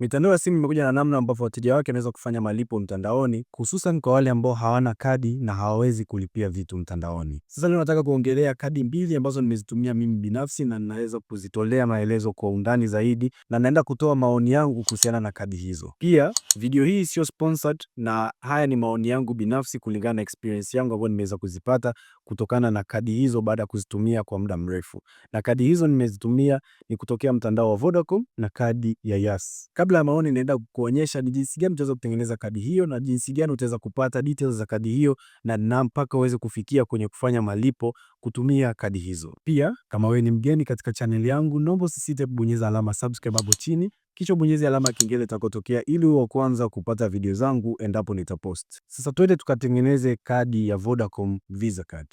Mitandao ya simu imekuja na namna ambavyo wateja wake wanaweza kufanya malipo mtandaoni, hususan kwa wale ambao hawana kadi na hawawezi kulipia vitu mtandaoni. Sasa leo nataka kuongelea kadi mbili ambazo nimezitumia mimi binafsi na ninaweza kuzitolea maelezo kwa undani zaidi, na naenda kutoa maoni yangu kuhusiana na kadi hizo. Pia video hii sio sponsored, na haya ni maoni yangu binafsi kulingana na experience yangu ambayo nimeweza kuzipata kutokana na kadi hizo baada ya kuzitumia kwa muda mrefu. Na kadi hizo nimezitumia ni kutokea mtandao wa Vodacom na kadi ya Yas. Kabla ya maoni, naenda kukuonyesha ni jinsi gani utaweza kutengeneza kadi hiyo na jinsi gani utaweza kupata details za kadi hiyo na na mpaka uweze kufikia kwenye kufanya malipo kutumia kadi hizo. Pia kama wewe ni mgeni katika channel yangu, naomba usisite kubonyeza alama subscribe hapo chini, kisha bonyeza alama kengele itakotokea ili uwe wa kwanza kupata video zangu endapo nitapost. Sasa twende tukatengeneze kadi ya Vodacom Visa card.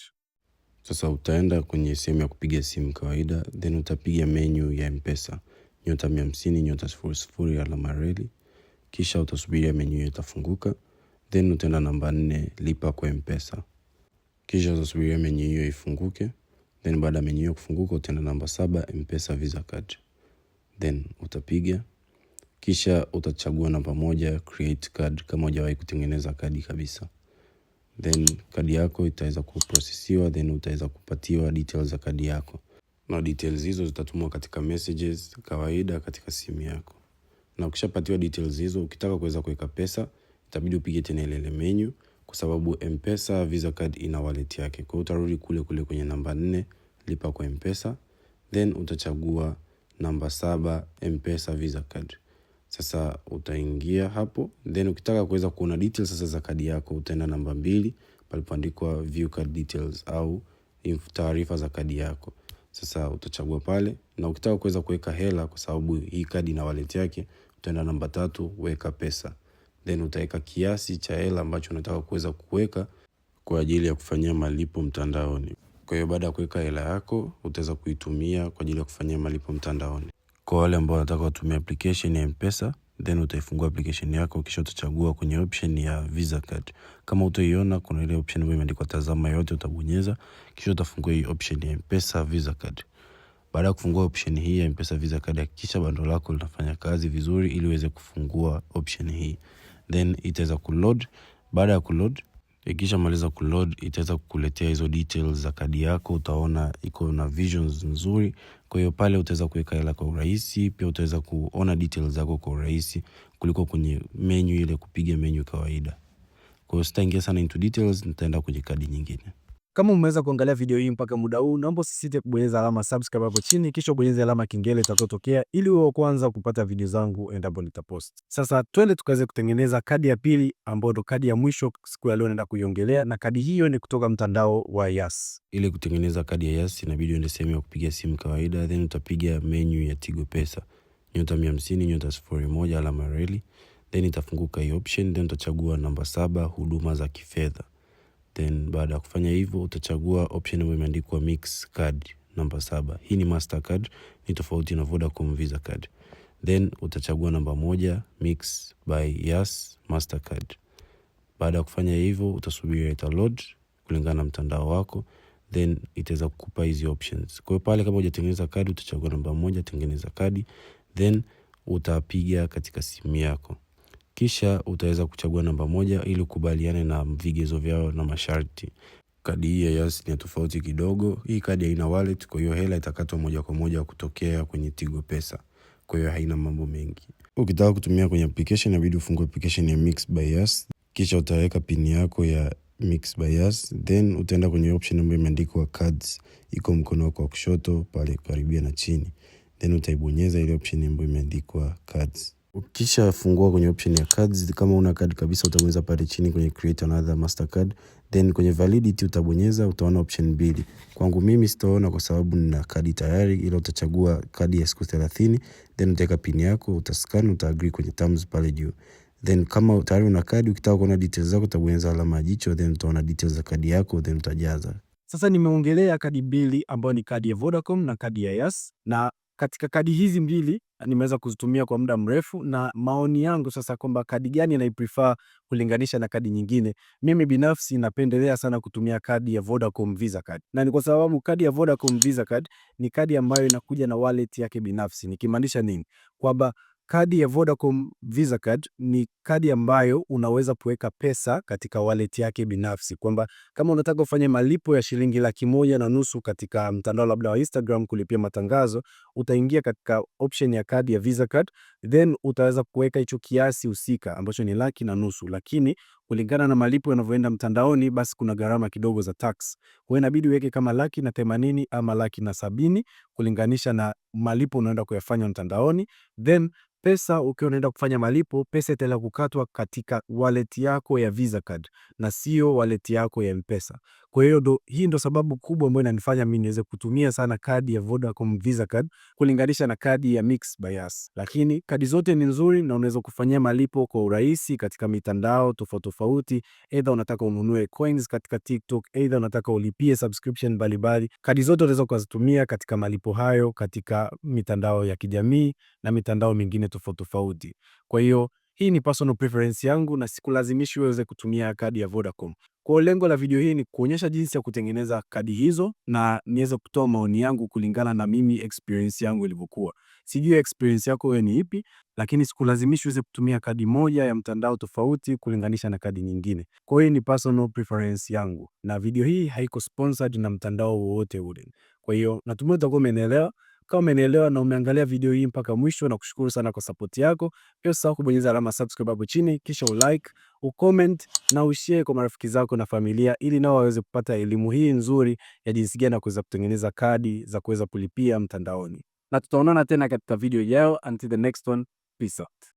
Sasa utaenda kwenye sehemu ya kupiga simu kawaida, then utapiga menu ya Mpesa nyota mia hamsini nyota sifuri sifuri alama reli, kisha utasubiria menyu hiyo itafunguka, then utaenda namba nne lipa kwa mpesa, kisha utasubiria menyu hiyo ifunguke, then baada ya menyu hiyo kufunguka utaenda namba saba mpesa visa card, then utapiga kisha utachagua namba moja create card, kama ujawahi kutengeneza kadi kabisa, then kadi yako itaweza kuprosesiwa, then utaweza kupatiwa details za kadi yako na details hizo zitatumwa katika messages kawaida katika simu yako. Na ukishapatiwa details hizo, ukitaka kuweza kuweka pesa itabidi upige tena ile menu, kwa sababu Mpesa Visa card ina wallet yake. Kwa utarudi kule kule kwenye namba nne lipa kwa Mpesa, then utachagua namba saba Mpesa Visa card. Sasa utaingia hapo, then ukitaka kuweza kuona details sasa za kadi yako utaenda namba mbili palipoandikwa view card details au taarifa za kadi yako. Sasa utachagua pale na ukitaka kuweza kuweka hela kwa sababu hii kadi ina wallet yake, utaenda namba tatu, weka pesa. Then utaweka kiasi cha hela ambacho unataka kuweza kuweka kwa ajili ya kufanyia malipo mtandaoni. Kwa hiyo baada ya kuweka hela yako utaweza kuitumia kwa ajili ya kufanyia malipo mtandaoni. Kwa wale ambao wanataka watumia application ya M-Pesa then utaifungua application yako, kisha utachagua kwenye option ya Visa card. Kama utaiona, kuna ile option ambayo imeandikwa tazama yote, utabonyeza kisha utafungua hii option ya Mpesa Visa card. Baada ya kufungua option hii ya Mpesa Visa card, hakikisha bando lako linafanya kazi vizuri ili uweze kufungua option hii, then itaweza kuload. Baada ya kuload Ikisha maliza kuload itaweza kukuletea hizo details za kadi yako, utaona iko na visions nzuri. Kwa hiyo pale utaweza kuweka hela kwa urahisi, pia utaweza kuona details zako kwa urahisi kuliko kwenye menu ile kupiga menu kawaida. Kwa hiyo sitaingia sana into details, nitaenda kwenye kadi nyingine. Kama umeweza kuangalia video hii mpaka muda huu, naomba usisite kubonyeza alama subscribe hapo chini, kisha ubonyeze alama kengele itakayotokea ili uwe wa kwanza kupata video zangu endapo nitapost. Sasa twende tukaweze kutengeneza kadi ya pili ambayo ndo kadi ya mwisho siku ya leo naenda kuiongelea, na kadi hiyo ni kutoka mtandao wa Yas. Ili kutengeneza kadi ya Yas inabidi uende sehemu ya kupiga simu kawaida, then utapiga menu ya Tigo Pesa nyota mia hamsini nyota sifuri moja alama reli, then itafunguka hii option, then utachagua namba saba, huduma za kifedha Then baada ya kufanya hivyo utachagua option ambayo imeandikwa mix card namba saba. Hii ni card ni tofauti na Vodacom Visa card. Then utachagua namba moja mix by Yas card Baada ya kufanya hivyo utasubiri ita load kulingana na mtandao wako, then itaweza kukupa hizi options. Kwa hiyo pale kama hujatengeneza kadi utachagua namba moja, tengeneza kadi, then utapiga katika simu yako. Kisha utaweza kuchagua namba moja ili ukubaliane na vigezo vyao na masharti. Kadi hii ya Yas ni tofauti kidogo. Hii kadi haina wallet, kwa hiyo hela itakatwa moja kwa moja kutokea kwenye Tigo Pesa. Kwa hiyo haina mambo mengi. Ukitaka kutumia kwenye application inabidi ufungue application ya Mix by Yas, kisha utaweka pini yako ya Mix by Yas, then utaenda kwenye option ambayo imeandikwa cards, iko mkono wako wa kushoto pale karibia na chini, then utaibonyeza ile option ambayo imeandikwa cards. Ukisha fungua kwenye option ya cards, kama una card kabisa utabonyeza pale chini kwenye create another mastercard. Then kwenye validity utabonyeza, utaona option mbili. Kwangu mimi sitaona kwa sababu nina kadi tayari ila utachagua kadi ya siku 30. Then utaweka pin yako, utascan, utaagree kwenye terms pale juu. Then kama tayari una kadi, ukitaka kuona details zako utabonyeza alama ya jicho, then utaona details za kadi yako, then utajaza. Sasa nimeongelea kadi mbili ambayo ni kadi ya Vodacom na kadi ya Yas na katika kadi hizi mbili ah, nimeweza kuzitumia kwa muda mrefu, na maoni yangu sasa kwamba kadi gani naiprefer kulinganisha na kadi nyingine. Mimi binafsi napendelea sana kutumia kadi ya Vodacom Visa Card, na ni kwa sababu kadi ya Vodacom Visa Card ni kadi ambayo inakuja na wallet yake binafsi. Nikimaanisha nini? Kwamba Kadi ya Vodacom Visa Card ni kadi ambayo unaweza kuweka pesa katika wallet yake binafsi, kwamba kama unataka ufanye malipo ya shilingi laki moja na nusu katika mtandao labda wa Instagram kulipia matangazo, utaingia katika option ya kadi ya Visa Card then utaweza kuweka hicho kiasi husika ambacho ni laki na nusu, lakini kulingana na malipo yanavyoenda mtandaoni, basi kuna gharama kidogo za tax. Kwa hiyo inabidi uweke kama laki na themanini ama laki na sabini kulinganisha na malipo unaenda kuyafanya mtandaoni. Then pesa ukiwa unaenda kufanya malipo, pesa itaenda kukatwa katika wallet yako ya Visa card na sio wallet yako ya mpesa kwa hiyo hii ndo sababu kubwa ambayo inanifanya mimi niweze kutumia sana kadi ya Vodacom Visa Card kulinganisha na kadi ya Mix by Yas. Lakini kadi zote ni nzuri na unaweza kufanyia malipo kwa urahisi katika mitandao tofauti tofauti, aidha unataka ununue coins katika TikTok, aidha unataka ulipie subscription mbalimbali. Kadi zote unaweza kuzitumia katika malipo hayo katika mitandao ya kijamii na mitandao mingine tofauti tofauti. Kwa hiyo hii ni personal preference yangu na sikulazimishi uweze kutumia kadi ya Vodacom. Kwa lengo la video hii ni kuonyesha jinsi ya kutengeneza kadi hizo na niweze kutoa maoni yangu kulingana na mimi experience yangu ilivyokuwa. Sijui experience yako wewe ni ipi, lakini sikulazimishi uweze kutumia kadi moja ya mtandao tofauti kulinganisha na kadi nyingine. Kwa hiyo ni personal preference yangu, na video hii haiko sponsored na mtandao wowote ule. Kwa hiyo natumai utakuwa umeelewa. Kama umeelewa na umeangalia video hii mpaka mwisho, na kushukuru sana kwa support yako. Pia usahau kubonyeza alama subscribe hapo chini, kisha ulike, ucomment na ushare kwa marafiki zako na familia, ili nao waweze kupata elimu hii nzuri ya jinsi gani ya kuweza kutengeneza kadi za kuweza kulipia mtandaoni, na tutaonana tena katika video ijayo. Until the next one, peace out.